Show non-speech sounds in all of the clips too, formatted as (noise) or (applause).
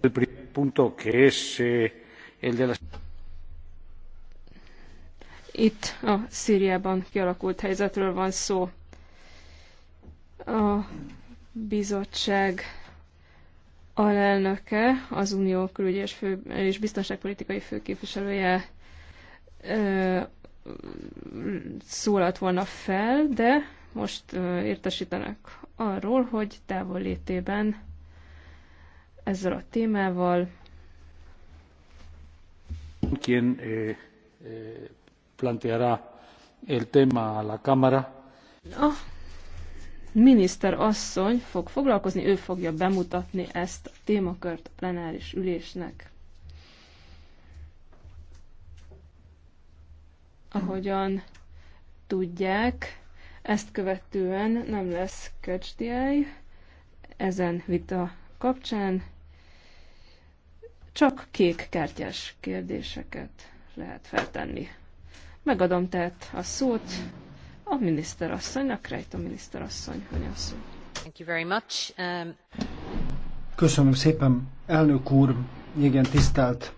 Eh, Itt a Szíriában kialakult helyzetről van szó. A bizottság alelnöke, az Unió külügyi és, fő, és biztonságpolitikai főképviselője ö, szólalt volna fel, de most értesítenek arról, hogy távollétében ezzel a témával quien eh, eh, planteará el tema a la Cámara. A miniszter asszony fog foglalkozni, ő fogja bemutatni ezt a témakört a plenáris ülésnek. Ahogyan tudják, ezt követően nem lesz kecsdiáj ezen vita kapcsán, csak kék kártyás kérdéseket lehet feltenni. Megadom tehát a szót a miniszterasszonynak, rejt a miniszterasszony, hogy a szó. Thank you very much. Um... Köszönöm szépen, elnök úr, igen, tisztelt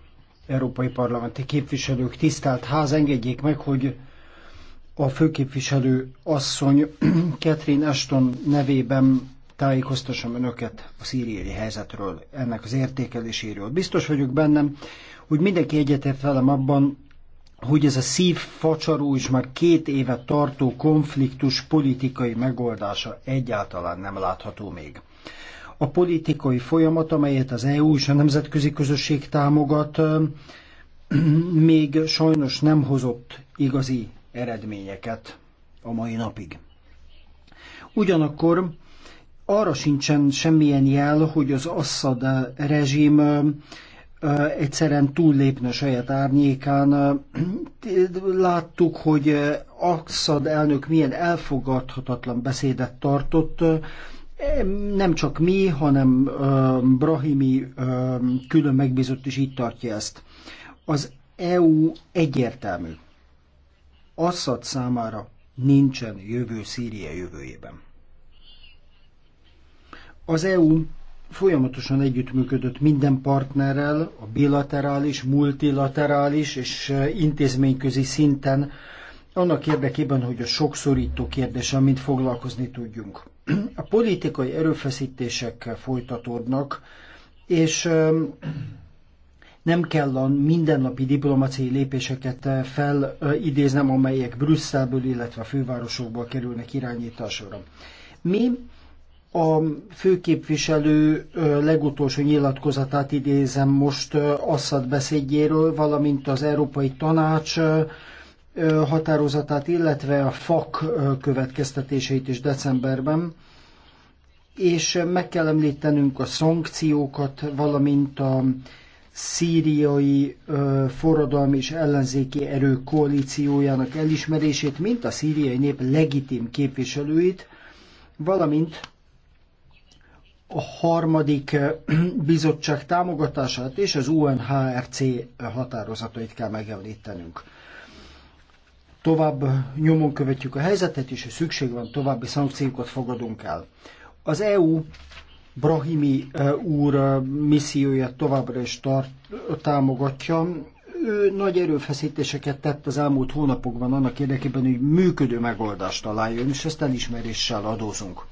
európai parlamenti képviselők, tisztelt ház, engedjék meg, hogy a főképviselő asszony (clears throat) Catherine Ashton nevében tájékoztassam önöket a szíriai helyzetről, ennek az értékeléséről. Biztos vagyok bennem, hogy mindenki egyetért velem abban, hogy ez a szívfacsaró és már két éve tartó konfliktus politikai megoldása egyáltalán nem látható még. A politikai folyamat, amelyet az EU és a nemzetközi közösség támogat, (clears throat) még sajnos nem hozott igazi eredményeket a mai napig. Ugyanakkor arra sincsen semmilyen jel, hogy az Assad rezsim egyszerűen túllépne saját árnyékán. Láttuk, hogy Assad elnök milyen elfogadhatatlan beszédet tartott, nem csak mi, hanem Brahimi külön megbízott is így tartja ezt. Az EU egyértelmű Assad számára nincsen jövő Szíria jövőjében. Az EU folyamatosan együttműködött minden partnerrel, a bilaterális, multilaterális és intézményközi szinten, annak érdekében, hogy a sokszorító kérdéssel mind foglalkozni tudjunk. A politikai erőfeszítések folytatódnak, és nem kell a mindennapi diplomáciai lépéseket eh, felidéznem, amelyek Brüsszelből, illetve a fővárosokból kerülnek irányításra. Mi a főképviselő eh, legutolsó nyilatkozatát idézem most eh, Assad beszédjéről, valamint az Európai Tanács határozatát, illetve a FAK következtetéseit is decemberben, és meg kell említenünk a szankciókat, valamint a szíriai ö, forradalmi és ellenzéki erő koalíciójának elismerését, mint a szíriai nép legitim képviselőit, valamint a harmadik bizottság támogatását és az UNHRC határozatait kell megemlítenünk. Tovább nyomon követjük a helyzetet, és ha szükség van, további szankciókat fogadunk el. Az EU Brahimi úr missziója továbbra is tart, támogatja. Ő nagy erőfeszítéseket tett az elmúlt hónapokban annak érdekében, hogy működő megoldást találjon, és ezt elismeréssel adózunk.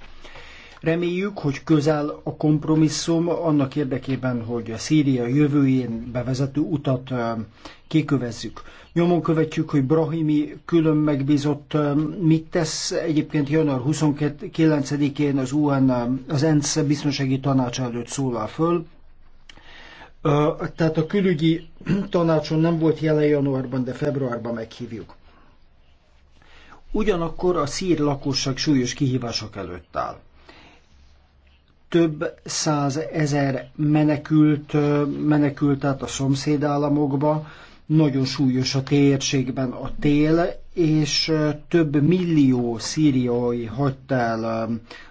Reméljük, hogy közel a kompromisszum annak érdekében, hogy a Szíria jövőjén bevezető utat kikövezzük. Nyomon követjük, hogy Brahimi külön megbízott mit tesz. Egyébként január 29-én az, UN, az ENSZ biztonsági tanács előtt szólal föl, tehát a külügyi (clears throat) tanácson nem volt jelen januárban, de februárban meghívjuk. Ugyanakkor a szír lakosság súlyos kihívások előtt áll több száz ezer menekült, menekült át a szomszédállamokba, nagyon súlyos a térségben a tél, és több millió szíriai hagyta el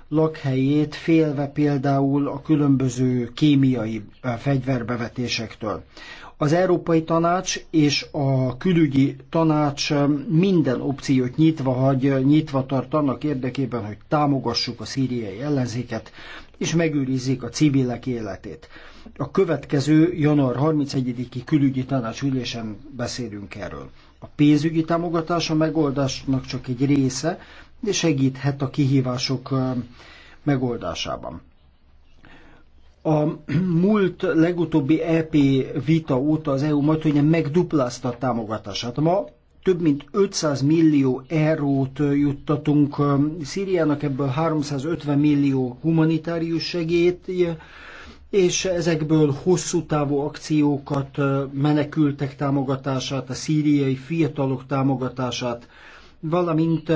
lakhelyét, félve például a különböző kémiai fegyverbevetésektől. Az Európai Tanács és a külügyi tanács minden opciót nyitva hagy, nyitva tart annak érdekében, hogy támogassuk a szíriai ellenzéket, és megőrizzék a civilek életét. A következő január 31-i külügyi tanácsülésen beszélünk erről. A pénzügyi támogatás a megoldásnak csak egy része, de segíthet a kihívások megoldásában. A (clears throat) múlt legutóbbi EP vita óta az EU majd, hogy megduplázta a támogatását. Ma több mint 500 millió eurót juttatunk Szíriának, ebből 350 millió humanitárius segét, és ezekből hosszú távú akciókat, menekültek támogatását, a szíriai fiatalok támogatását, valamint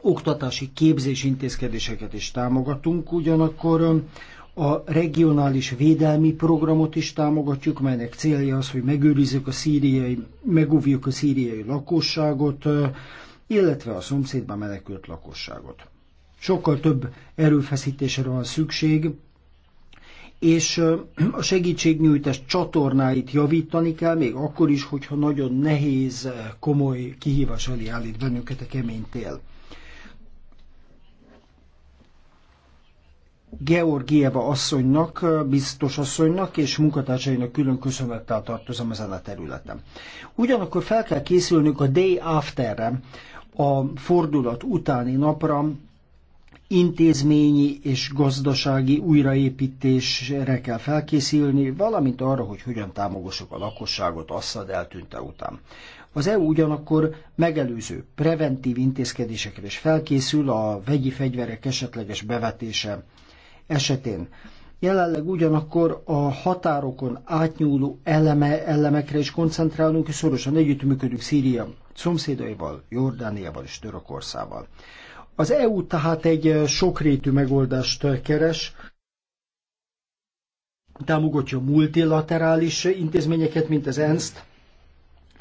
oktatási képzés intézkedéseket is támogatunk, ugyanakkor a regionális védelmi programot is támogatjuk, melynek célja az, hogy megőrizzük a szíriai, megúvjuk a szíriai lakosságot, illetve a szomszédban menekült lakosságot. Sokkal több erőfeszítésre van szükség, és a segítségnyújtás csatornáit javítani kell, még akkor is, hogyha nagyon nehéz, komoly kihívás elé állít bennünket a kemény tél. Georgieva asszonynak, biztos asszonynak és munkatársainak külön köszönettel tartozom ezen a területen. Ugyanakkor fel kell készülnünk a day afterre, a fordulat utáni napra, intézményi és gazdasági újraépítésre kell felkészülni, valamint arra, hogy hogyan támogassuk a lakosságot Assad eltűnte után. Az EU ugyanakkor megelőző preventív intézkedésekre is felkészül a vegyi fegyverek esetleges bevetése esetén. Jelenleg ugyanakkor a határokon átnyúló eleme, elemekre is koncentrálunk, és szorosan együttműködünk Szíria szomszédaival, Jordániával és Törökországgal. Az EU tehát egy eh, sokrétű megoldást eh, keres, támogatja multilaterális intézményeket, mint az ENSZ-t,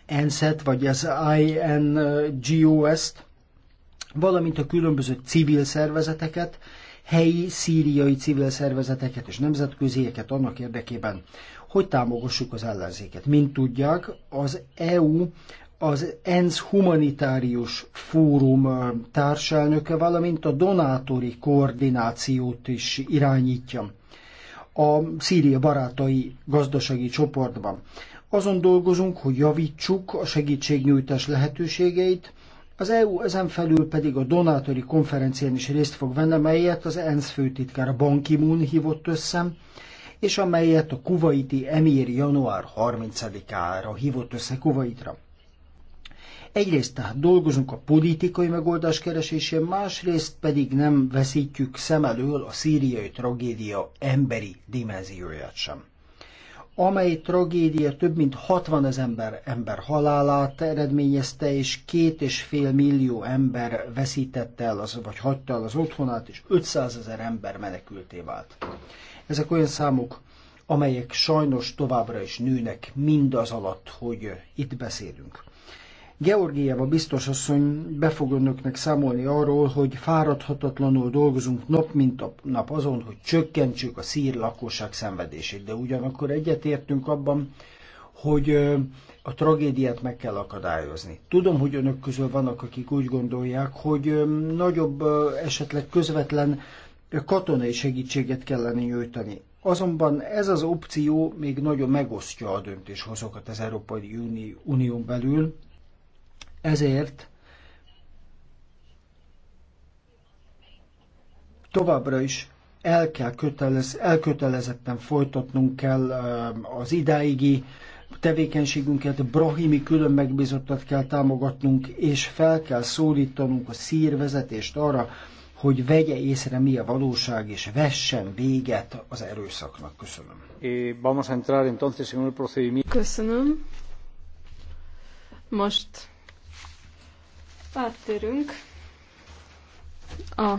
ENSZ-et, vagy az INGOS-t, valamint a különböző civil szervezeteket, helyi szíriai civil szervezeteket és nemzetközieket annak érdekében, hogy támogassuk az ellenzéket. Mint tudják, az EU az ENSZ humanitárius fórum társelnöke, valamint a donátori koordinációt is irányítja a Szíria barátai gazdasági csoportban. Azon dolgozunk, hogy javítsuk a segítségnyújtás lehetőségeit, az EU ezen felül pedig a donátori konferencián is részt fog venni, melyet az ENSZ főtitkára Ban Ki-moon hívott össze, és amelyet a kuvaiti emír január 30-ára hívott össze Kuvaitra. Egyrészt tehát dolgozunk a politikai megoldás keresésén, másrészt pedig nem veszítjük szem elől a szíriai tragédia emberi dimenzióját sem amely tragédia több mint 60 ezer ember, ember halálát eredményezte, és két és fél millió ember veszítette el, az, vagy hagyta el az otthonát, és 500 ezer ember menekülté vált. Ezek olyan számok, amelyek sajnos továbbra is nőnek mindaz alatt, hogy itt beszélünk. Georgieva biztos asszony be fog önöknek számolni arról, hogy fáradhatatlanul dolgozunk nap mint nap azon, hogy csökkentsük a szír lakosság szenvedését, de ugyanakkor egyetértünk abban, hogy a tragédiát meg kell akadályozni. Tudom, hogy önök közül vannak, akik úgy gondolják, hogy nagyobb esetleg közvetlen katonai segítséget kellene nyújtani. Azonban ez az opció még nagyon megosztja a döntéshozókat az Európai Unión belül, ezért továbbra is el kell kötelez, elkötelezetten folytatnunk kell az idáigi tevékenységünket, Brahimi külön megbízottat kell támogatnunk, és fel kell szólítanunk a szírvezetést arra, hogy vegye észre mi a valóság, és vessen véget az erőszaknak. Köszönöm. Eh, vamos a entrar entonces en procedimiento. Köszönöm. Most Áttérünk a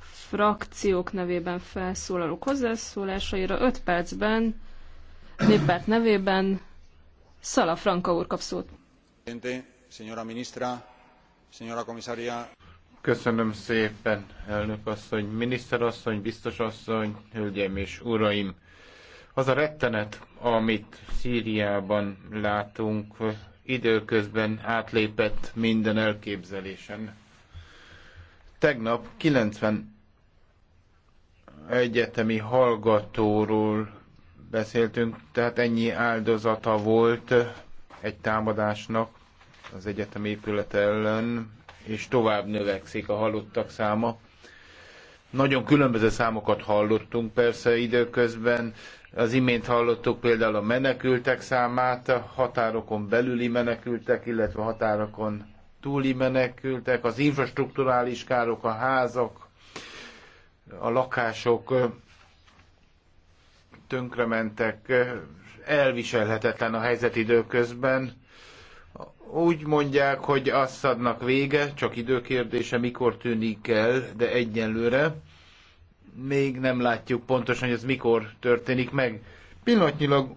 frakciók nevében felszólalók hozzászólásaira 5 percben néppárt nevében Szala Franka úr kap szót. Köszönöm szépen, elnök asszony, miniszter asszony, biztos asszony, hölgyeim és uraim! Az a rettenet, amit Szíriában látunk, időközben átlépett minden elképzelésen. Tegnap 90 egyetemi hallgatóról beszéltünk, tehát ennyi áldozata volt egy támadásnak az egyetem épület ellen, és tovább növekszik a halottak száma. Nagyon különböző számokat hallottunk persze időközben, az imént hallottuk például a menekültek számát, a határokon belüli menekültek, illetve határokon túli menekültek, az infrastruktúrális károk, a házak, a lakások tönkrementek, elviselhetetlen a helyzet időközben. Úgy mondják, hogy azt adnak vége, csak időkérdése, mikor tűnik el, de egyenlőre még nem látjuk pontosan, hogy ez mikor történik meg. Pillanatnyilag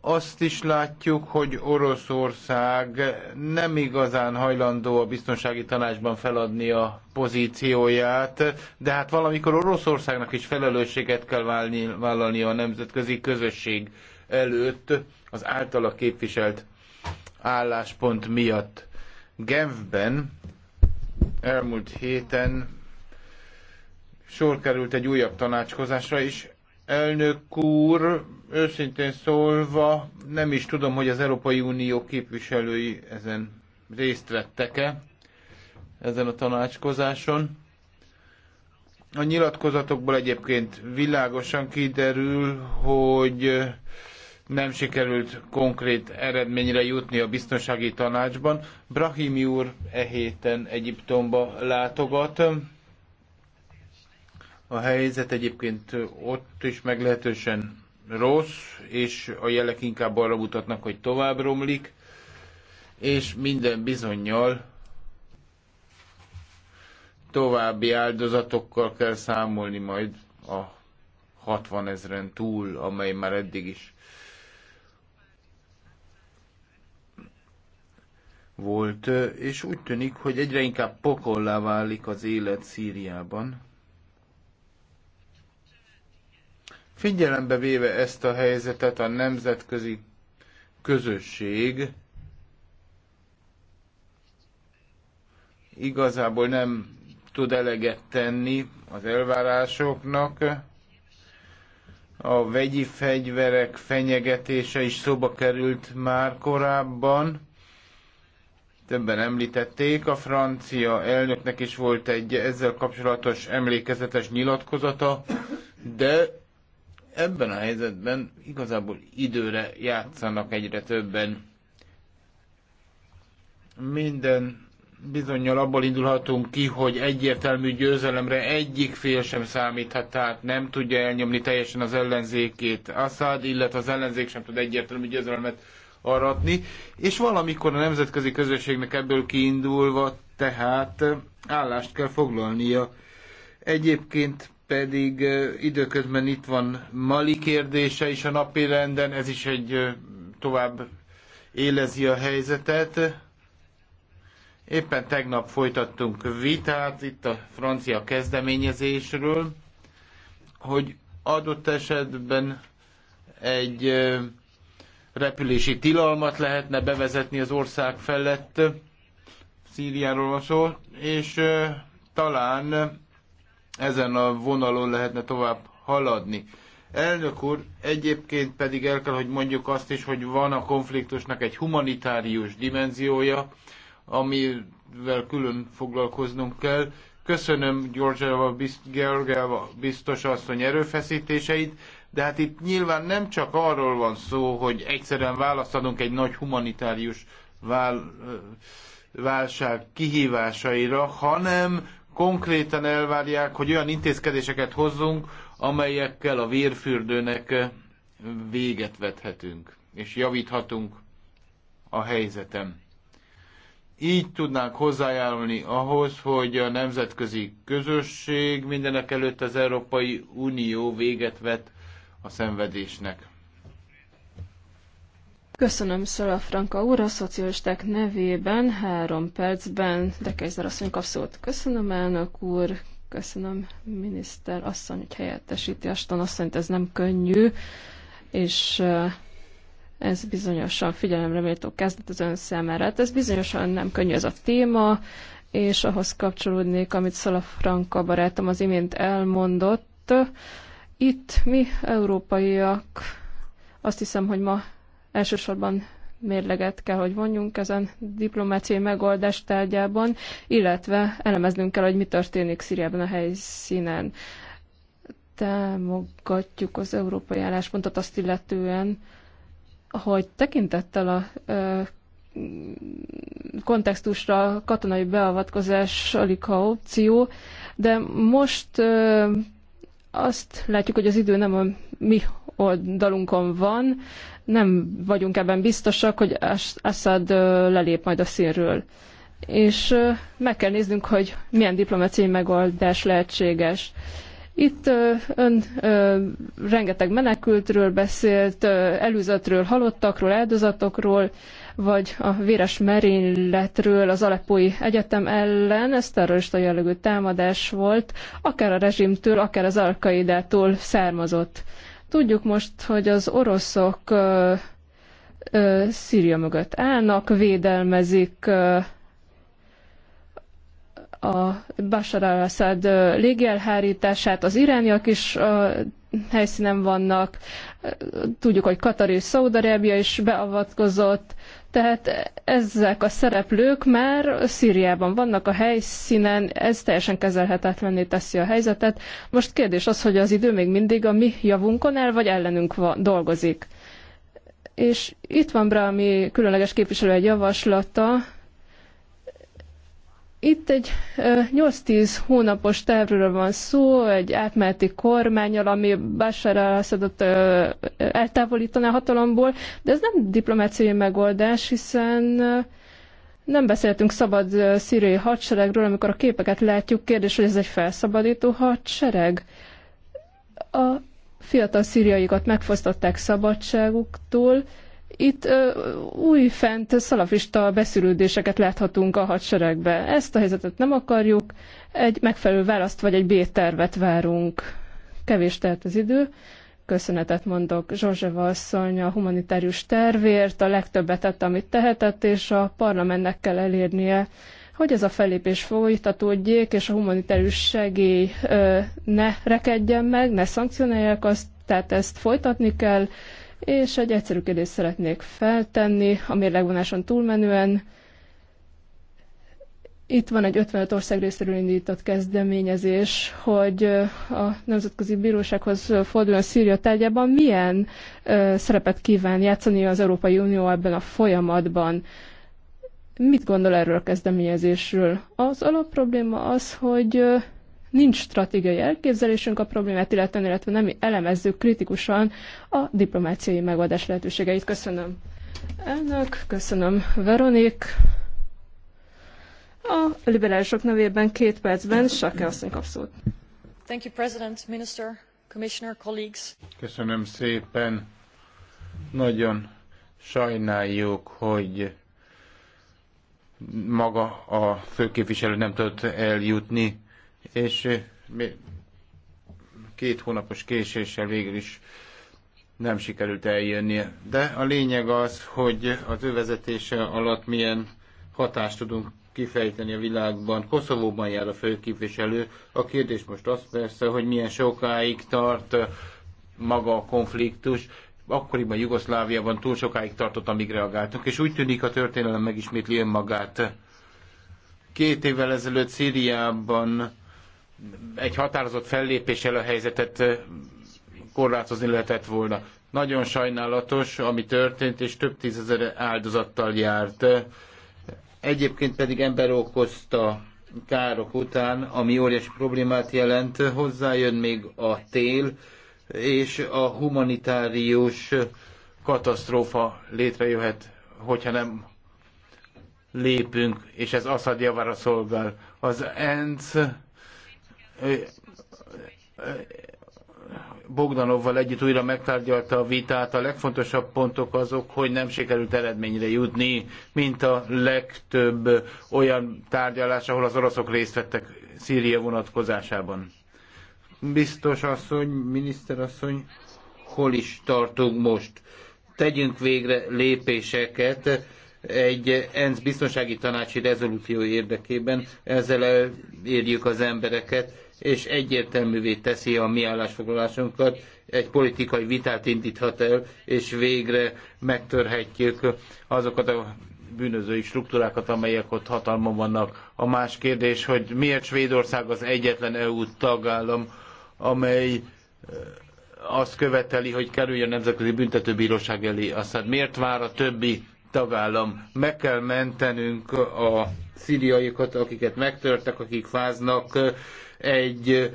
azt is látjuk, hogy Oroszország nem igazán hajlandó a biztonsági tanácsban feladni a pozícióját, de hát valamikor Oroszországnak is felelősséget kell válni, vállalni a nemzetközi közösség előtt az általa képviselt álláspont miatt. Genfben elmúlt héten sor került egy újabb tanácskozásra, is. elnök úr, őszintén szólva nem is tudom, hogy az Európai Unió képviselői ezen részt vettek-e, ezen a tanácskozáson. A nyilatkozatokból egyébként világosan kiderül, hogy nem sikerült konkrét eredményre jutni a biztonsági tanácsban. Brahimi úr e héten Egyiptomba látogat a helyzet egyébként ott is meglehetősen rossz, és a jelek inkább arra mutatnak, hogy tovább romlik, és minden bizonyal további áldozatokkal kell számolni majd a 60 ezeren túl, amely már eddig is volt, és úgy tűnik, hogy egyre inkább pokollá válik az élet Szíriában. Figyelembe véve ezt a helyzetet a nemzetközi közösség igazából nem tud eleget tenni az elvárásoknak. A vegyi fegyverek fenyegetése is szóba került már korábban. Többen említették, a francia elnöknek is volt egy ezzel kapcsolatos emlékezetes nyilatkozata, de Ebben a helyzetben igazából időre játszanak egyre többen. Minden bizonyal abból indulhatunk ki, hogy egyértelmű győzelemre egyik fél sem számíthat, tehát nem tudja elnyomni teljesen az ellenzékét Assad, illetve az ellenzék sem tud egyértelmű győzelmet aratni, és valamikor a nemzetközi közösségnek ebből kiindulva tehát állást kell foglalnia. Egyébként pedig időközben itt van Mali kérdése is a napi renden, ez is egy tovább élezi a helyzetet. Éppen tegnap folytattunk vitát itt a francia kezdeményezésről, hogy adott esetben egy repülési tilalmat lehetne bevezetni az ország felett, Szíriáról van szó, és talán ezen a vonalon lehetne tovább haladni. Elnök úr, egyébként pedig el kell, hogy mondjuk azt is, hogy van a konfliktusnak egy humanitárius dimenziója, amivel külön foglalkoznunk kell. Köszönöm Georgiava Gergely biztos asszony erőfeszítéseit, de hát itt nyilván nem csak arról van szó, hogy egyszerűen választanunk egy nagy humanitárius vál, válság kihívásaira, hanem konkrétan elvárják, hogy olyan intézkedéseket hozzunk, amelyekkel a vérfürdőnek véget vethetünk, és javíthatunk a helyzetem. Így tudnánk hozzájárulni ahhoz, hogy a nemzetközi közösség mindenek előtt az Európai Unió véget vet a szenvedésnek. Köszönöm Szöla Franka úr, a szocialisták nevében három percben, de kezdve asszony kap szót. Köszönöm elnök úr, köszönöm miniszter asszony, hogy helyettesíti Aston asszonyt, ez nem könnyű, és eh, ez bizonyosan figyelemre méltó kezdet az ön számára. Hát ez bizonyosan nem könnyű ez a téma, és ahhoz kapcsolódnék, amit Szala Franka barátom az imént elmondott. Itt mi, európaiak, azt hiszem, hogy ma Elsősorban mérleget kell, hogy vonjunk ezen diplomáciai megoldás tárgyában, illetve elemeznünk kell, hogy mi történik Szíriában a helyszínen. Támogatjuk az európai álláspontot azt illetően, hogy tekintettel a ö, kontextusra katonai beavatkozás alig ha opció, de most ö, azt látjuk, hogy az idő nem a mi oldalunkon van. Nem vagyunk ebben biztosak, hogy Assad lelép majd a színről. És meg kell néznünk, hogy milyen diplomáciai megoldás lehetséges. Itt ön rengeteg menekültről beszélt, előzetről, halottakról, áldozatokról, vagy a véres merényletről az Aleppói Egyetem ellen, ez terrorista jellegű támadás volt, akár a rezsimtől, akár az alkaidától származott. Tudjuk most, hogy az oroszok ö, ö, Szíria mögött állnak, védelmezik ö, a Bashar al-Assad légielhárítását, az irániak is helyszínen vannak, Tudjuk, hogy Katar és Szaudarábia is beavatkozott, tehát ezek a szereplők már Szíriában vannak a helyszínen, ez teljesen kezelhetetlenné teszi a helyzetet. Most kérdés az, hogy az idő még mindig a mi javunkon el, vagy ellenünk van, dolgozik. És itt van Brahmi különleges képviselő egy javaslata, itt egy 8-10 hónapos tervről van szó, egy átmeneti kormányal, ami Bashar al-Assadot a hatalomból, de ez nem diplomáciai megoldás, hiszen nem beszéltünk szabad szíriai hadseregről, amikor a képeket látjuk, kérdés, hogy ez egy felszabadító hadsereg. A fiatal szíriaikat megfosztották szabadságuktól, itt ö, újfent szalafista beszűrődéseket láthatunk a hadseregbe. Ezt a helyzetet nem akarjuk, egy megfelelő választ vagy egy B-tervet várunk. Kevés telt az idő. Köszönetet mondok Zsorzseva asszony a humanitárius tervért, a legtöbbet tett, amit tehetett, és a parlamentnek kell elérnie, hogy ez a fellépés folytatódjék, és a humanitárius segély ö, ne rekedjen meg, ne szankcionálják azt, tehát ezt folytatni kell, és egy egyszerű kérdést szeretnék feltenni, a mérlegvonáson túlmenően. Itt van egy 55 ország részéről indított kezdeményezés, hogy a Nemzetközi Bírósághoz forduljon Szíria tárgyában milyen szerepet kíván játszani az Európai Unió ebben a folyamatban. Mit gondol erről a kezdeményezésről? Az alapprobléma az, hogy nincs stratégiai elképzelésünk a problémát, illetve, illetve nem elemezzük kritikusan a diplomáciai megoldás lehetőségeit. Köszönöm. Elnök, köszönöm Veronik. A liberálisok nevében két percben Sake asszony kap szót. Thank you, President, Minister, Commissioner, colleagues. Köszönöm szépen. Nagyon sajnáljuk, hogy maga a főképviselő nem tudott eljutni és két hónapos késéssel végül is nem sikerült eljönnie. De a lényeg az, hogy az ő vezetése alatt milyen hatást tudunk kifejteni a világban. Koszovóban jár a főképviselő. A kérdés most az persze, hogy milyen sokáig tart maga a konfliktus. Akkoriban Jugoszláviában túl sokáig tartott, amíg reagáltunk, és úgy tűnik a történelem megismétli önmagát. Két évvel ezelőtt Szíriában egy határozott fellépéssel a helyzetet korlátozni lehetett volna. Nagyon sajnálatos, ami történt, és több tízezer áldozattal járt. Egyébként pedig ember okozta károk után, ami óriási problémát jelent, hozzájön még a tél, és a humanitárius katasztrófa létrejöhet, hogyha nem lépünk, és ez Assad javára szolgál. Az ENSZ Bogdanovval együtt újra megtárgyalta a vitát. A legfontosabb pontok azok, hogy nem sikerült eredményre jutni, mint a legtöbb olyan tárgyalás, ahol az oroszok részt vettek Szíria vonatkozásában. Biztos asszony, miniszter asszony, hol is tartunk most? Tegyünk végre lépéseket egy ENSZ biztonsági tanácsi rezolúció érdekében, ezzel elérjük az embereket, és egyértelművé teszi a mi állásfoglalásunkat, egy politikai vitát indíthat el, és végre megtörhetjük azokat a bűnözői struktúrákat, amelyek ott hatalmon vannak. A más kérdés, hogy miért Svédország az egyetlen EU tagállam, amely eh, azt követeli, hogy kerüljön a Nemzetközi Büntetőbíróság elé. Aztán miért vár a többi tagállam? Meg kell mentenünk a szíriaiakat, akiket megtörtek, akik fáznak eh, egy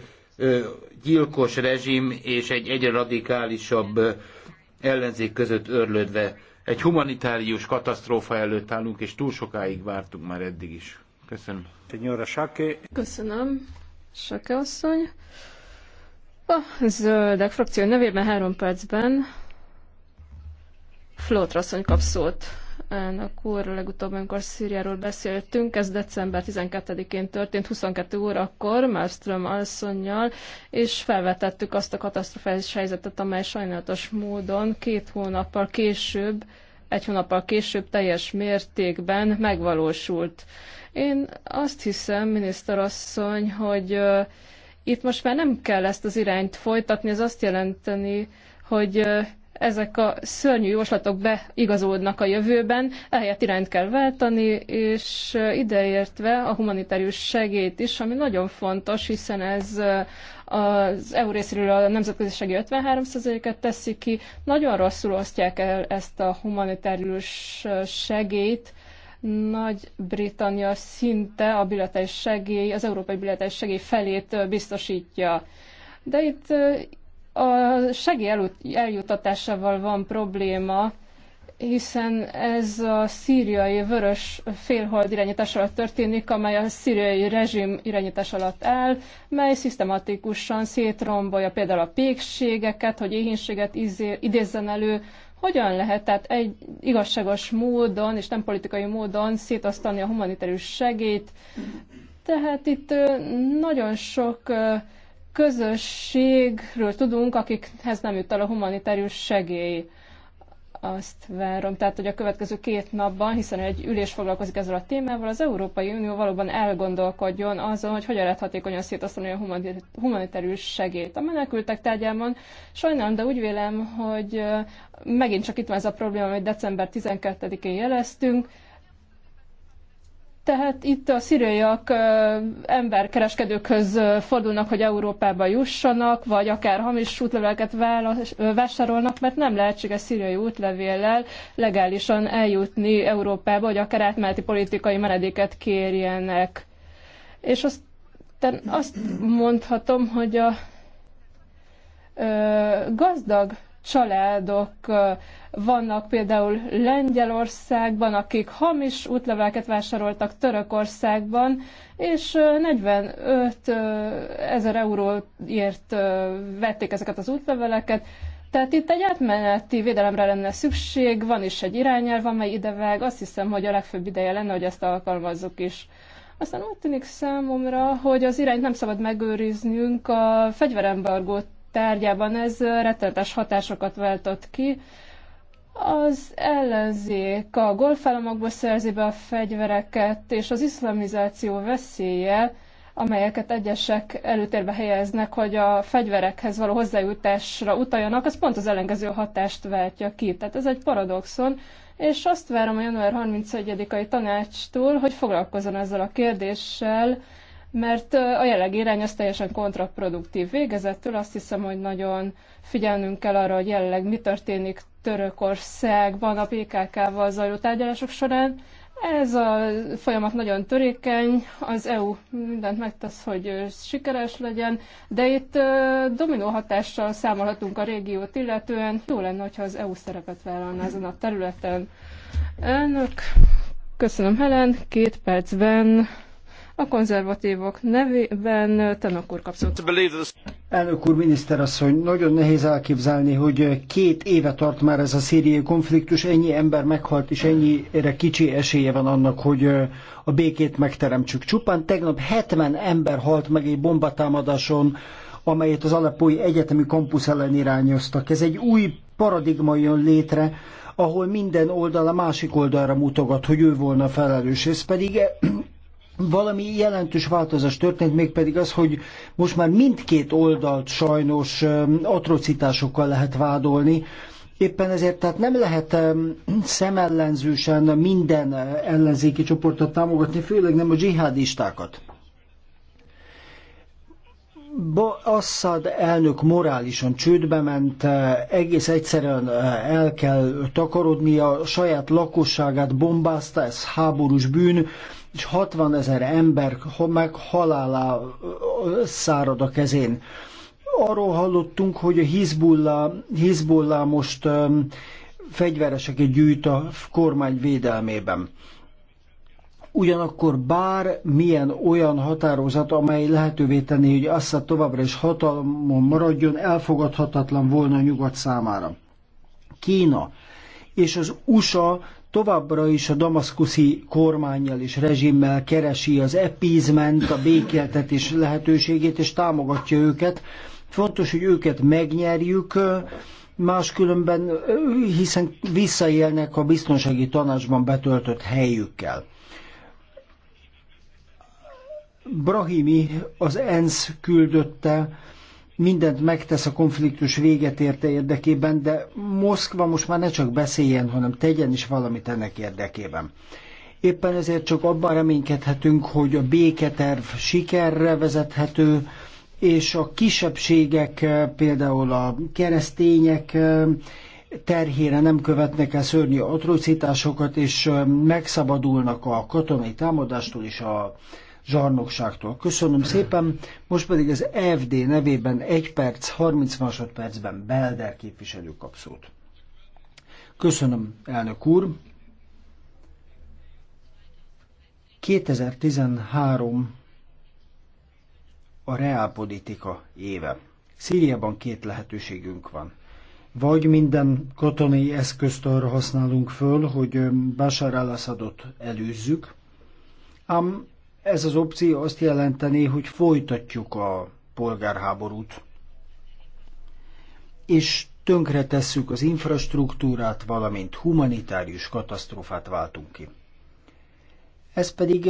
gyilkos rezsim és egy egyre radikálisabb ellenzék között örlődve. Egy humanitárius katasztrófa előtt állunk, és túl sokáig vártunk már eddig is. Köszönöm. Köszönöm, Sake asszony. A zöldek frakció nevében három percben asszony kap szót elnök úr, legutóbb, amikor Szíriáról beszéltünk, ez december 12-én történt, 22 órakor, Malmström asszonynal, és felvetettük azt a katasztrofális helyzetet, amely sajnálatos módon két hónappal később, egy hónappal később teljes mértékben megvalósult. Én azt hiszem, miniszterasszony, hogy uh, itt most már nem kell ezt az irányt folytatni, ez azt jelenteni, hogy uh, ezek a szörnyű jóslatok beigazódnak a jövőben, ehelyett irányt kell váltani, és ideértve a humanitárius segét is, ami nagyon fontos, hiszen ez az EU részéről a nemzetközi segély 53%-et teszi ki. Nagyon rosszul osztják el ezt a humanitárius segélyt, nagy-Britannia szinte a bilaterális segély, az európai bilatás segély felét biztosítja. De itt a segély eljutatásával van probléma, hiszen ez a szíriai vörös félhold irányítás alatt történik, amely a szíriai rezsim irányítás alatt áll, mely szisztematikusan szétrombolja például a pékségeket, hogy éhénységet izé-, idézzen elő, hogyan lehet tehát egy igazságos módon és nem politikai módon szétosztani a humanitárius segélyt. Tehát itt nagyon sok közösségről tudunk, akikhez nem jut el a humanitárius segély. Azt várom, tehát hogy a következő két napban, hiszen egy ülés foglalkozik ezzel a témával, az Európai Unió valóban elgondolkodjon azon, hogy hogyan lehet hatékonyan szétosztani a humanitárius segélyt. A menekültek tárgyában sajnálom, de úgy vélem, hogy megint csak itt van ez a probléma, amit december 12-én jeleztünk, tehát itt a szíriaiak emberkereskedőkhöz fordulnak, hogy Európába jussanak, vagy akár hamis útleveleket vásárolnak, mert nem lehetséges szíriai útlevéllel legálisan eljutni Európába, hogy akár átmeneti politikai menedéket kérjenek. És azt, azt mondhatom, hogy a ö, gazdag családok vannak például Lengyelországban, akik hamis útleveleket vásároltak Törökországban, és 45 ezer euróért vették ezeket az útleveleket. Tehát itt egy átmeneti védelemre lenne szükség, van is egy irányelv, amely idevág, azt hiszem, hogy a legfőbb ideje lenne, hogy ezt alkalmazzuk is. Aztán úgy tűnik számomra, hogy az irányt nem szabad megőriznünk a fegyverembargót tárgyában ez rettenetes hatásokat váltott ki. Az ellenzék a golfállamokból szerzi be a fegyvereket, és az iszlamizáció veszélye, amelyeket egyesek előtérbe helyeznek, hogy a fegyverekhez való hozzájutásra utaljanak, az pont az ellenkező hatást váltja ki. Tehát ez egy paradoxon, és azt várom a január 31-ai tanácstól, hogy foglalkozzon ezzel a kérdéssel, mert a jelenlegi irány az teljesen kontraproduktív. Végezettől azt hiszem, hogy nagyon figyelnünk kell arra, hogy jelenleg mi történik Törökországban a PKK-val zajló tárgyalások során. Ez a folyamat nagyon törékeny, az EU mindent megtesz, hogy sikeres legyen, de itt dominó hatással számolhatunk a régiót illetően. Jó lenne, hogyha az EU szerepet vállalna ezen a területen. Elnök, köszönöm Helen, két percben. A konzervatívok nevében Tanok úr kapszott. Elnök úr, miniszterasszony, nagyon nehéz elképzelni, hogy két éve tart már ez a szíriai konfliktus, ennyi ember meghalt, és ennyire kicsi esélye van annak, hogy a békét megteremtsük. Csupán tegnap 70 ember halt meg egy bombatámadáson, amelyet az Aleppói Egyetemi Kampusz ellen irányoztak. Ez egy új paradigma jön létre, ahol minden oldal a másik oldalra mutogat, hogy ő volna felelős. Ez pedig valami jelentős változás történt, mégpedig az, hogy most már mindkét oldalt sajnos atrocitásokkal lehet vádolni, Éppen ezért tehát nem lehet szemellenzősen minden ellenzéki csoportot támogatni, főleg nem a dzsihádistákat. Assad elnök morálisan csődbe ment, eh, egész egyszerűen eh, el kell takarodnia, a saját lakosságát bombázta, ez háborús bűn, és 60 ezer ember meg halálá eh, szárad a kezén. Arról hallottunk, hogy a Hizbullah, Hizbullah most um, fegyvereseket gyűjt a kormány védelmében. Ugyanakkor bár milyen olyan határozat, amely lehetővé tenné, hogy Assad továbbra is hatalmon maradjon, elfogadhatatlan volna a nyugat számára. Kína és az USA továbbra is a damaszkuszi kormányjal és rezsimmel keresi az epizment, a békéltetés lehetőségét, és támogatja őket. Fontos, hogy őket megnyerjük, máskülönben, hiszen visszaélnek a biztonsági tanácsban betöltött helyükkel. Brahimi az ENSZ küldötte, mindent megtesz a konfliktus véget érte érdekében, de Moszkva most már ne csak beszéljen, hanem tegyen is valamit ennek érdekében. Éppen ezért csak abban reménykedhetünk, hogy a béketerv sikerre vezethető, és a kisebbségek, például a keresztények eh, terhére nem követnek el szörnyű atrocitásokat, és eh, megszabadulnak a katonai támadástól és a zsarnokságtól. Köszönöm szépen, most pedig az FD nevében 1 perc, 30 másodpercben Belder képviselő kap szót. Köszönöm, elnök úr. 2013 a reálpolitika éve. Szíriában két lehetőségünk van. Vagy minden katonai eszközt arra használunk föl, hogy Bashar al-Assadot előzzük, ám ez az opció azt jelenteni, hogy folytatjuk a polgárháborút, és tönkretesszük az infrastruktúrát, valamint humanitárius katasztrófát váltunk ki. Ez pedig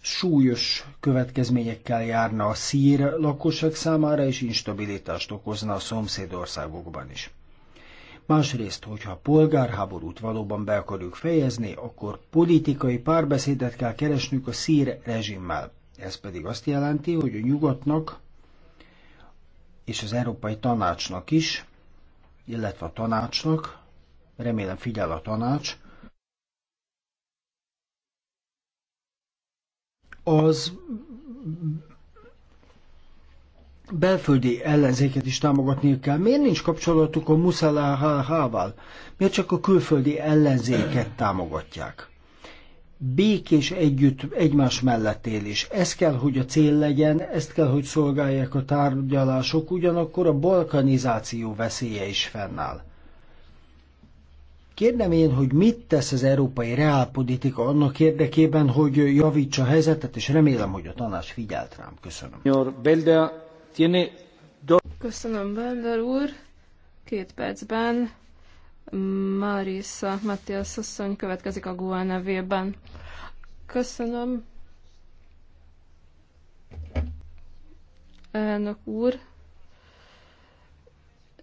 súlyos következményekkel járna a szír lakosság számára, és instabilitást okozna a szomszédországokban is másrészt, hogyha a polgárháborút valóban be akarjuk fejezni, akkor politikai párbeszédet kell keresnünk a szír rezsimmel. Ez pedig azt jelenti, hogy a nyugatnak és az Európai Tanácsnak is, illetve a tanácsnak, remélem figyel a tanács, az belföldi ellenzéket is támogatniuk kell. Miért nincs kapcsolatuk a Muszalahával? Miért csak a külföldi ellenzéket támogatják? Békés együtt, egymás mellett is. Ez kell, hogy a cél legyen, ezt kell, hogy szolgálják a tárgyalások, ugyanakkor a balkanizáció veszélye is fennáll. Kérdem én, hogy mit tesz az európai reálpolitika annak érdekében, hogy javítsa a helyzetet, és remélem, hogy a tanács figyelt rám. Köszönöm. Belder Tiene do... Köszönöm, Belder úr. Két percben Marisa Matthias asszony következik a Google nevében. Köszönöm. Elnök úr.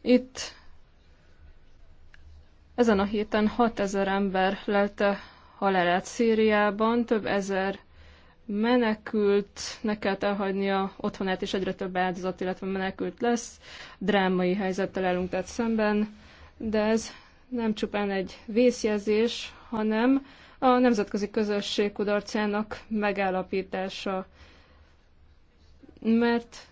Itt ezen a héten 6000 ember lelte halálát Szíriában, több ezer Menekült ne kell elhagynia otthonát, és egyre több áldozat, illetve menekült lesz. Drámai helyzettel állunk tehát szemben, de ez nem csupán egy vészjelzés, hanem a nemzetközi közösség kudarcának megállapítása. Mert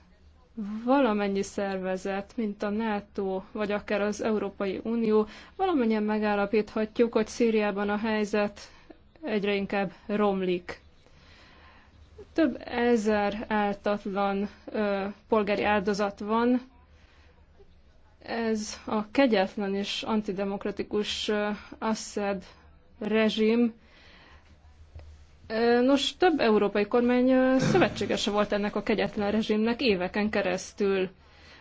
valamennyi szervezet, mint a NATO, vagy akár az Európai Unió, valamennyien megállapíthatjuk, hogy Szíriában a helyzet egyre inkább romlik. Több ezer áltatlan ö, polgári áldozat van. Ez a kegyetlen és antidemokratikus ö, Assad rezsim. Nos, több európai kormány szövetségese volt ennek a kegyetlen rezsimnek éveken keresztül.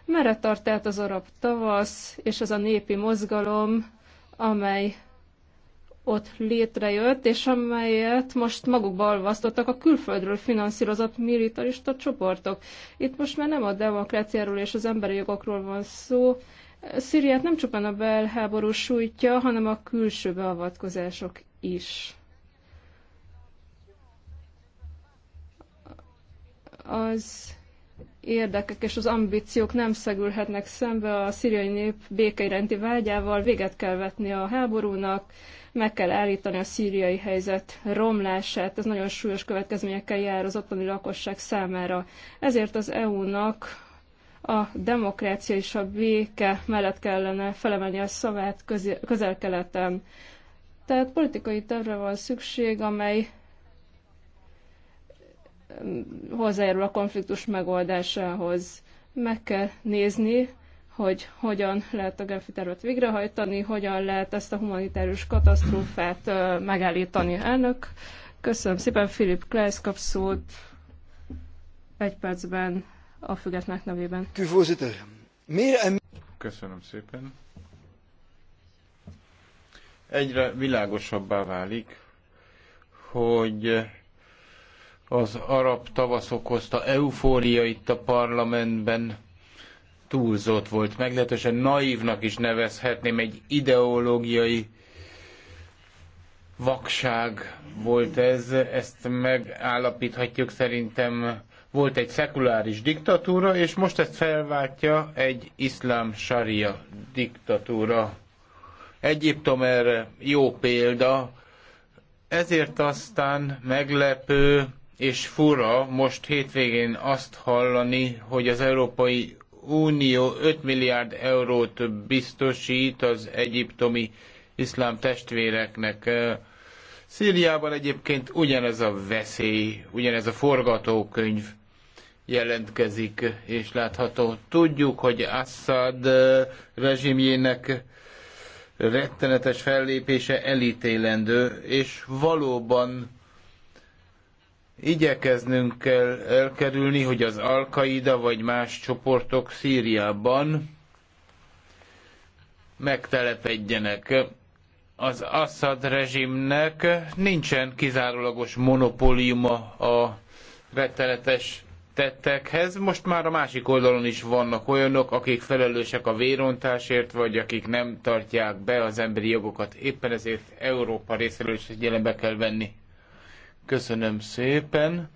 Merre tart az arab tavasz és az a népi mozgalom, amely ott létrejött, és amelyet most magukba alvasztottak a külföldről finanszírozott militarista csoportok. Itt most már nem a demokráciáról és az emberi jogokról van szó. Szíriát nem csupán a belháború sújtja, hanem a külső beavatkozások is. Az érdekek és az ambíciók nem szegülhetnek szembe a szíriai nép békeirenti vágyával, véget kell vetni a háborúnak, meg kell állítani a szíriai helyzet romlását, ez nagyon súlyos következményekkel jár az ottani lakosság számára. Ezért az EU-nak a demokrácia és a béke mellett kellene felemelni a szavát közel-keleten. Tehát politikai tervre van szükség, amely mm, hozzájárul a konfliktus megoldásához. Meg kell nézni, hogy hogyan lehet a Genfi tervet végrehajtani, hogyan lehet ezt a humanitárius katasztrófát megállítani. Elnök, köszönöm szépen, Filip Kleisz kap egy percben a függetnek nevében. Köszönöm szépen. Egyre világosabbá válik, hogy az arab tavasz okozta eufória itt a parlamentben túlzott volt, meglehetősen naívnak is nevezhetném, egy ideológiai vakság volt ez, ezt megállapíthatjuk szerintem. Volt egy szekuláris diktatúra, és most ezt felváltja egy iszlám saria diktatúra. Egyiptom erre jó példa, ezért aztán meglepő és fura most hétvégén azt hallani, hogy az Európai Unió 5 milliárd eurót biztosít az egyiptomi iszlám testvéreknek. Szíriában egyébként ugyanez a veszély, ugyanez a forgatókönyv jelentkezik és látható. Tudjuk, hogy Assad rezsimjének rettenetes fellépése elítélendő, és valóban Igyekeznünk kell elkerülni, hogy az Al-Qaida vagy más csoportok Szíriában megtelepedjenek. Az Assad rezsimnek nincsen kizárólagos monopóliuma a rettenetes tettekhez. Most már a másik oldalon is vannak olyanok, akik felelősek a vérontásért, vagy akik nem tartják be az emberi jogokat. Éppen ezért Európa részéről is figyelembe kell venni Köszönöm szépen.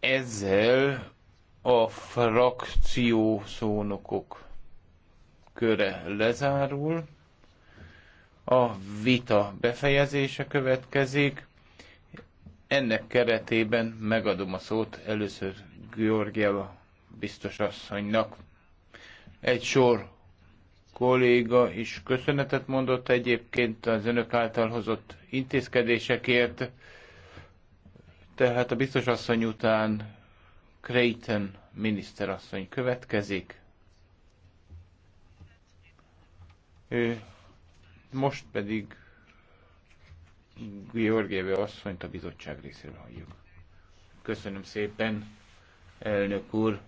Ezzel a frakció szónokok köre lezárul. A vita befejezése következik. Ennek keretében megadom a szót először Georgieva biztos asszonynak. Egy sor kolléga is köszönetet mondott egyébként az önök által hozott intézkedésekért. Tehát a biztos asszony után Creighton miniszterasszony következik. Ő most pedig Georgieve asszonyt a bizottság részéről halljuk. Köszönöm szépen, elnök úr.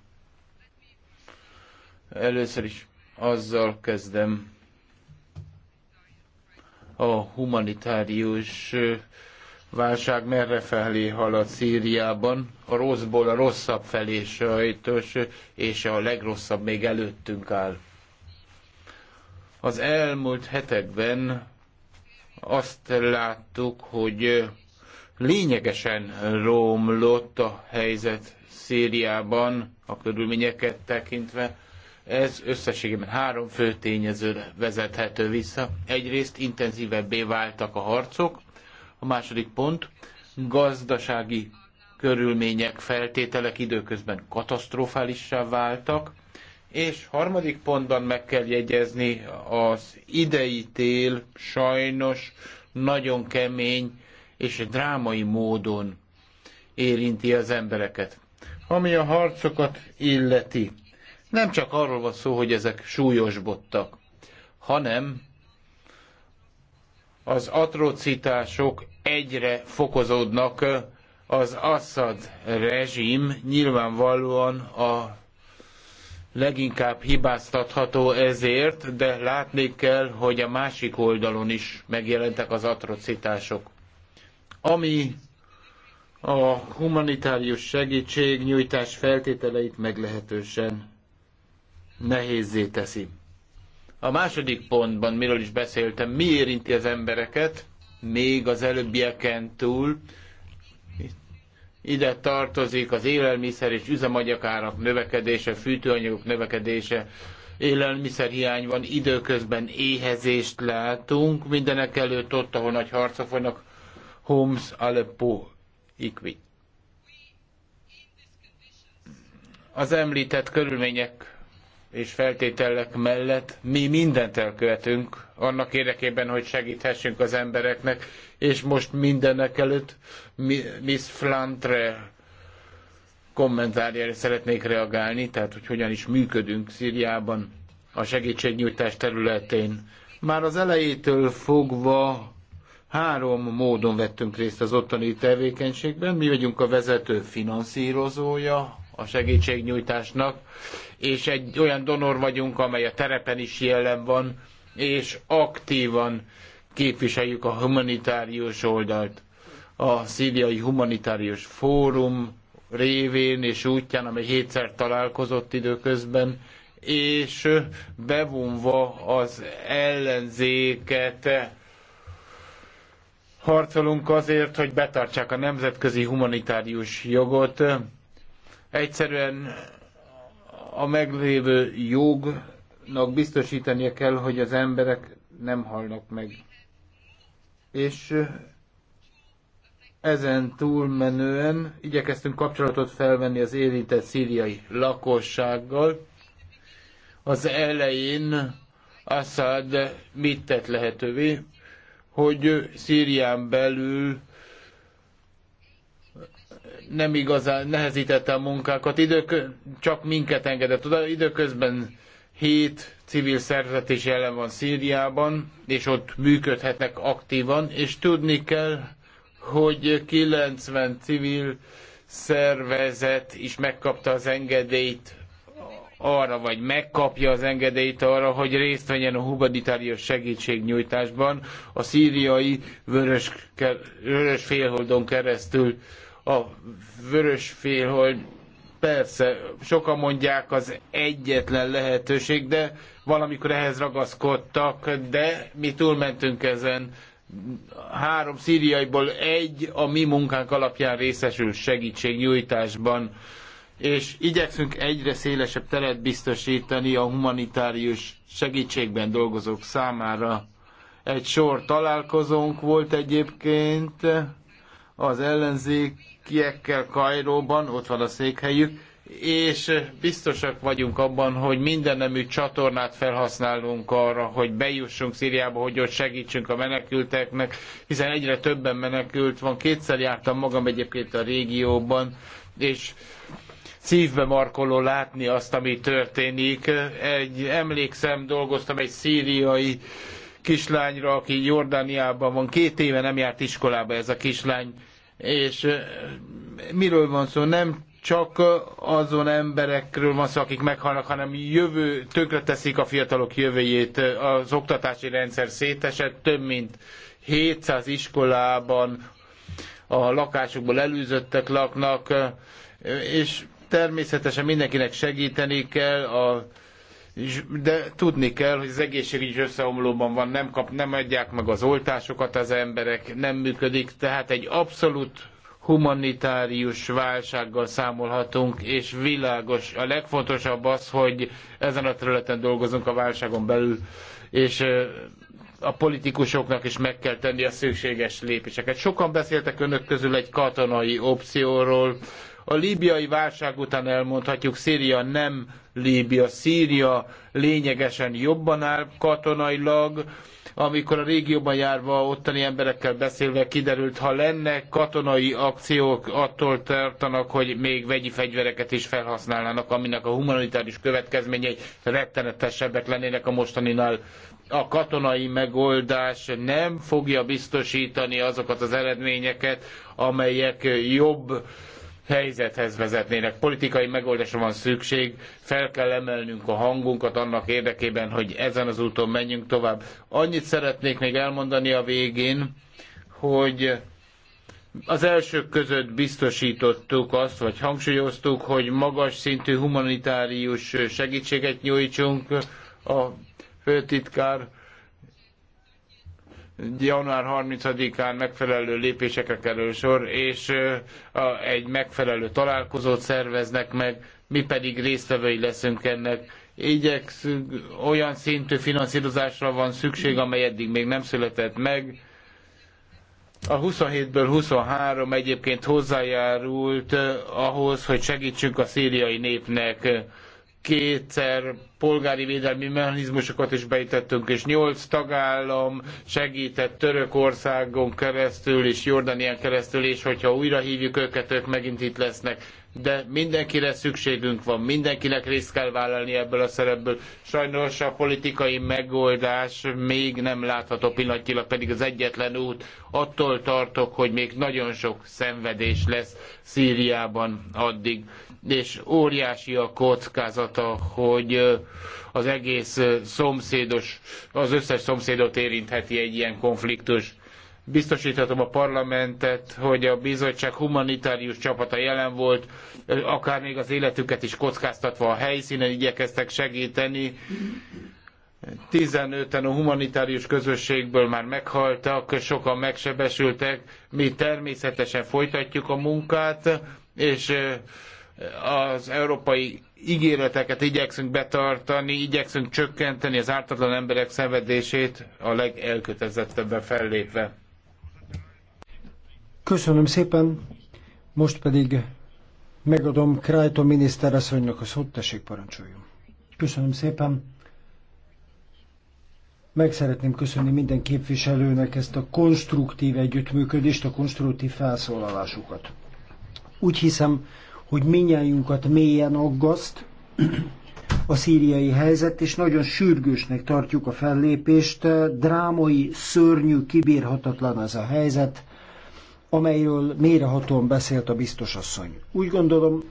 Először is azzal kezdem a humanitárius válság merre felé halad Szíriában, a rosszból a rosszabb felé sajtos, és a legrosszabb még előttünk áll. Az elmúlt hetekben azt láttuk, hogy lényegesen romlott a helyzet Szíriában, a körülményeket tekintve, ez összességében három fő tényezőre vezethető vissza. Egyrészt intenzívebbé váltak a harcok, a második pont gazdasági körülmények, feltételek időközben katasztrofálissá váltak, és harmadik pontban meg kell jegyezni, az idei tél sajnos nagyon kemény és drámai módon érinti az embereket. Ami a harcokat illeti, nem csak arról van szó, hogy ezek súlyosbottak, hanem az atrocitások egyre fokozódnak, az Assad rezsim nyilvánvalóan a leginkább hibáztatható ezért, de látni kell, hogy a másik oldalon is megjelentek az atrocitások. Ami a humanitárius segítségnyújtás feltételeit meglehetősen nehézé teszi. A második pontban, miről is beszéltem, mi érinti az embereket, még az előbbieken túl, ide tartozik az élelmiszer és üzemanyagárak növekedése, fűtőanyagok növekedése, élelmiszerhiány van, időközben éhezést látunk, mindenek előtt ott, ahol nagy harca folynak, Homs, Aleppo, Iqvi. Az említett körülmények és feltételek mellett mi mindent elkövetünk annak érdekében, hogy segíthessünk az embereknek, és most mindenek előtt Miss Flantre kommentárjára szeretnék reagálni, tehát hogy hogyan is működünk Szíriában a segítségnyújtás területén. Már az elejétől fogva három módon vettünk részt az ottani tevékenységben. Mi vagyunk a vezető finanszírozója a segítségnyújtásnak, és egy olyan donor vagyunk, amely a terepen is jelen van, és aktívan képviseljük a humanitárius oldalt. A Szíriai Humanitárius Fórum révén és útján, amely hétszer találkozott időközben, és bevonva az ellenzéket harcolunk azért, hogy betartsák a nemzetközi humanitárius jogot, Egyszerűen a meglévő jognak biztosítania kell, hogy az emberek nem halnak meg. És ezen túlmenően igyekeztünk kapcsolatot felvenni az érintett szíriai lakossággal. Az elején Assad mit tett lehetővé, hogy Szírián belül nem igazán nehezítette a munkákat, idők, csak minket engedett oda, időközben hét civil szervezet is jelen van Szíriában, és ott működhetnek aktívan, és tudni kell, hogy 90 civil szervezet is megkapta az engedélyt arra, vagy megkapja az engedélyt arra, hogy részt vegyen a humanitárius segítségnyújtásban a szíriai vörös, vörös félholdon keresztül a vörös fél, hogy persze, sokan mondják az egyetlen lehetőség, de valamikor ehhez ragaszkodtak, de mi túlmentünk ezen. Három szíriaiból egy a mi munkánk alapján részesül segítségnyújtásban, és igyekszünk egyre szélesebb teret biztosítani a humanitárius segítségben dolgozók számára. Egy sor találkozónk volt egyébként az ellenzék irakiekkel Kajróban, ott van a székhelyük, és biztosak vagyunk abban, hogy mindennemű csatornát felhasználunk arra, hogy bejussunk Szíriába, hogy ott segítsünk a menekülteknek, hiszen egyre többen menekült van. Kétszer jártam magam egyébként a régióban, és szívbe markoló látni azt, ami történik. Egy, emlékszem, dolgoztam egy szíriai kislányra, aki Jordániában van, két éve nem járt iskolába ez a kislány, és miről van szó? Nem csak azon emberekről van szó, akik meghalnak, hanem jövő, tönkreteszik a fiatalok jövőjét. Az oktatási rendszer szétesett, több mint 700 iskolában a lakásokból elűzöttek laknak, és természetesen mindenkinek segíteni kell a de tudni kell, hogy az egészségügy összeomlóban van, nem, kap, nem adják meg az oltásokat az emberek, nem működik, tehát egy abszolút humanitárius válsággal számolhatunk, és világos. A legfontosabb az, hogy ezen a területen dolgozunk a válságon belül, és a politikusoknak is meg kell tenni a szükséges lépéseket. Sokan beszéltek önök közül egy katonai opcióról, a líbiai válság után elmondhatjuk, Szíria nem Líbia. Szíria lényegesen jobban áll katonailag. Amikor a régióban járva ottani emberekkel beszélve kiderült, ha lenne katonai akciók, attól tartanak, hogy még vegyi fegyvereket is felhasználnának, aminek a humanitárius következményei rettenetesebbek lennének a mostaninál a katonai megoldás nem fogja biztosítani azokat az eredményeket, amelyek jobb helyzethez vezetnének. Politikai megoldásra van szükség, fel kell emelnünk a hangunkat annak érdekében, hogy ezen az úton menjünk tovább. Annyit szeretnék még elmondani a végén, hogy az elsők között biztosítottuk azt, vagy hangsúlyoztuk, hogy magas szintű humanitárius segítséget nyújtsunk. A főtitkár január 30-án megfelelő lépésekre kerül sor, és egy megfelelő találkozót szerveznek meg, mi pedig résztvevői leszünk ennek. Igyekszünk, olyan szintű finanszírozásra van szükség, amely eddig még nem született meg. A 27-ből 23 egyébként hozzájárult ahhoz, hogy segítsünk a szíriai népnek kétszer polgári védelmi mechanizmusokat is beítettünk, és nyolc tagállam segített Törökországon keresztül és Jordánián keresztül, és hogyha újra hívjuk őket, ők megint itt lesznek. De mindenkire szükségünk van, mindenkinek részt kell vállalni ebből a szerepből. Sajnos a politikai megoldás még nem látható pillanatilag, pedig az egyetlen út. Attól tartok, hogy még nagyon sok szenvedés lesz Szíriában addig és óriási a kockázata, hogy az egész szomszédos, az összes szomszédot érintheti egy ilyen konfliktus. Biztosíthatom a parlamentet, hogy a bizottság humanitárius csapata jelen volt, akár még az életüket is kockáztatva a helyszínen igyekeztek segíteni. 15-en a humanitárius közösségből már meghaltak, sokan megsebesültek. Mi természetesen folytatjuk a munkát, és az európai ígéreteket igyekszünk betartani, igyekszünk csökkenteni az ártatlan emberek szenvedését a legelkötelezettebben fellépve. Köszönöm szépen, most pedig megadom miniszter miniszterasszonynak a szót, tessék parancsoljon. Köszönöm szépen. Meg szeretném köszönni minden képviselőnek ezt a konstruktív együttműködést, a konstruktív felszólalásukat. Úgy hiszem, hogy minnyájunkat mélyen aggaszt a szíriai helyzet, és nagyon sürgősnek tartjuk a fellépést. Drámai, szörnyű, kibírhatatlan az a helyzet, amelyről mérehatóan beszélt a biztos asszony. Úgy gondolom,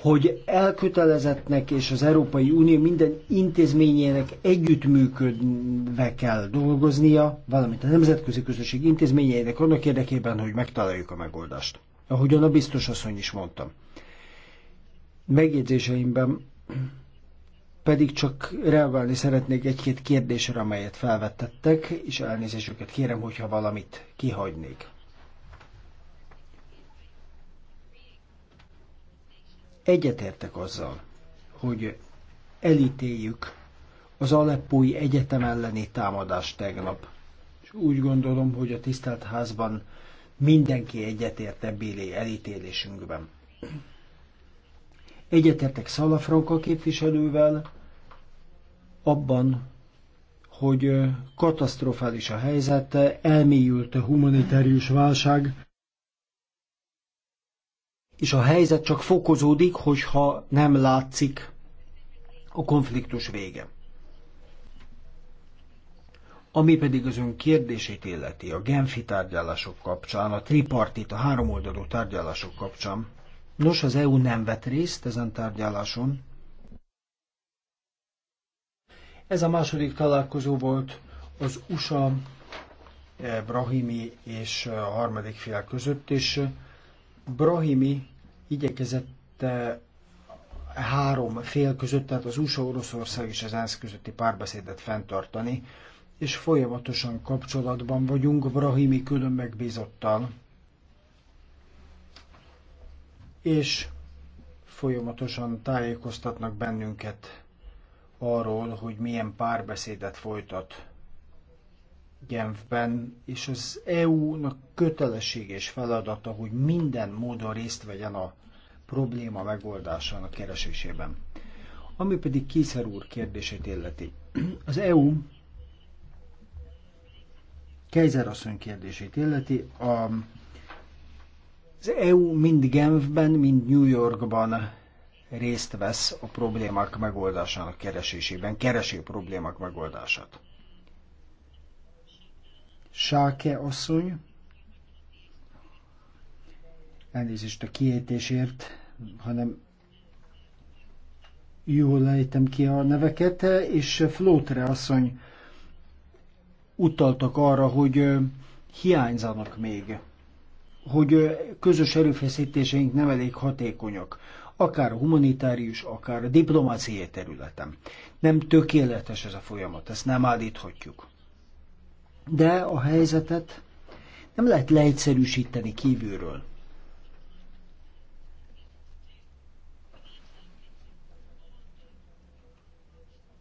hogy elkötelezettnek és az Európai Unió minden intézményének együttműködve kell dolgoznia, valamint a nemzetközi közösség intézményeinek annak érdekében, hogy megtaláljuk a megoldást ahogyan a biztos asszony is mondtam. Megjegyzéseimben pedig csak reagálni szeretnék egy-két kérdésre, amelyet felvettettek, és elnézésüket kérem, hogyha valamit kihagynék. Egyetértek azzal, hogy elítéljük az Aleppói Egyetem elleni támadást tegnap. És úgy gondolom, hogy a tisztelt házban mindenki egyetért ebbéli elítélésünkben. Egyetértek Szalafranka képviselővel abban, hogy katasztrofális a helyzet, elmélyült a humanitárius válság, és a helyzet csak fokozódik, hogyha nem látszik a konfliktus vége. Ami pedig az ön kérdését illeti a Genfi tárgyalások kapcsán, a tripartit, a háromoldalú tárgyalások kapcsán. Nos, az EU nem vett részt ezen tárgyaláson. Ez a második találkozó volt az USA, eh, Brahimi és eh, a harmadik fél között, és eh, Brahimi igyekezett három fél között, tehát az USA, Oroszország és az ENSZ közötti párbeszédet fenntartani és folyamatosan kapcsolatban vagyunk Brahimi külön megbízottal. És folyamatosan tájékoztatnak bennünket arról, hogy milyen párbeszédet folytat Genfben, és az EU-nak kötelesség és feladata, hogy minden módon részt vegyen a probléma megoldásának keresésében. Ami pedig Kiszer úr kérdését illeti. Az EU Kejzer asszony kérdését illeti, a, az EU mind Genfben, mind New Yorkban részt vesz a problémák megoldásának keresésében, keresi a problémák megoldását. Sáke asszony, elnézést a kiejtésért, hanem jól lejtem ki a neveket, és Flótre asszony utaltak arra, hogy hiányzanak még, hogy közös erőfeszítéseink nem elég hatékonyak, akár a humanitárius, akár a diplomáciai területen. Nem tökéletes ez a folyamat, ezt nem állíthatjuk. De a helyzetet nem lehet leegyszerűsíteni kívülről.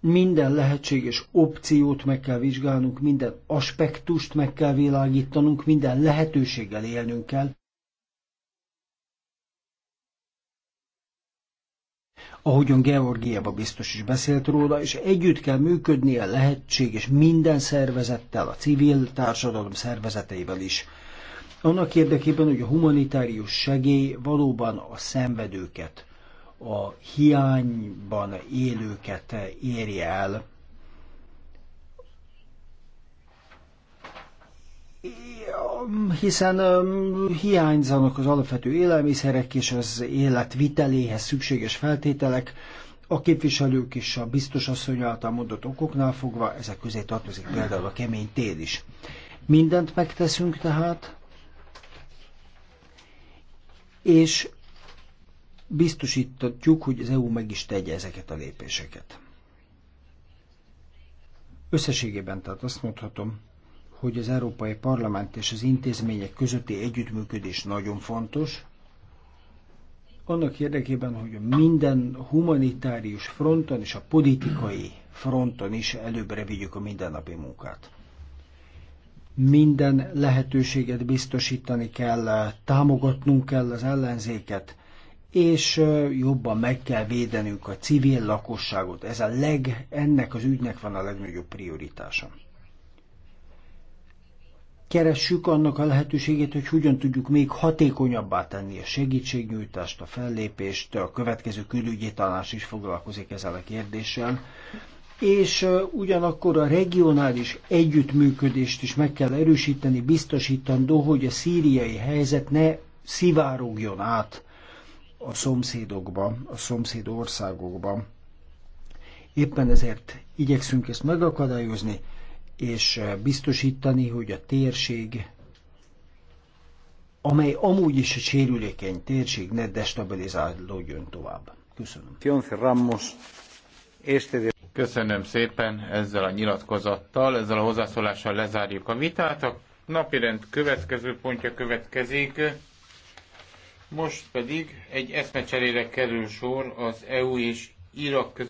minden lehetséges opciót meg kell vizsgálnunk, minden aspektust meg kell világítanunk, minden lehetőséggel élnünk kell. Ahogyan Georgieva biztos is beszélt róla, és együtt kell működni a lehetséges minden szervezettel, a civil társadalom szervezeteivel is. Annak érdekében, hogy a humanitárius segély valóban a szenvedőket, a hiányban élőket érje el. hiszen um, hiányzanak az alapvető élelmiszerek és az élet viteléhez szükséges feltételek, a képviselők és a biztos asszony által mondott okoknál fogva ezek közé tartozik például a kemény tél is. Mindent megteszünk tehát, és biztosítatjuk, hogy az EU meg is tegye ezeket a lépéseket. Összességében tehát azt mondhatom, hogy az Európai Parlament és az intézmények közötti együttműködés nagyon fontos, annak érdekében, hogy minden humanitárius fronton és a politikai fronton is előbbre vigyük a mindennapi munkát. Minden lehetőséget biztosítani kell, támogatnunk kell az ellenzéket, és jobban meg kell védenünk a civil lakosságot. Ez a leg, ennek az ügynek van a legnagyobb prioritása. Keressük annak a lehetőségét, hogy hogyan tudjuk még hatékonyabbá tenni a segítségnyújtást, a fellépést, a következő külügyi tanács is foglalkozik ezzel a kérdéssel, és ugyanakkor a regionális együttműködést is meg kell erősíteni, biztosítandó, hogy a szíriai helyzet ne szivárogjon át a szomszédokba, a szomszéd országokba. Éppen ezért igyekszünk ezt megakadályozni, és eh, biztosítani, hogy a térség, amely amúgy is egy sérülékeny térség, ne destabilizálódjon tovább. Köszönöm. Köszönöm szépen ezzel a nyilatkozattal, ezzel a hozzászólással lezárjuk a vitát. A napirend következő pontja következik. Most pedig egy eszmecserére kerül sor az EU és Irak között.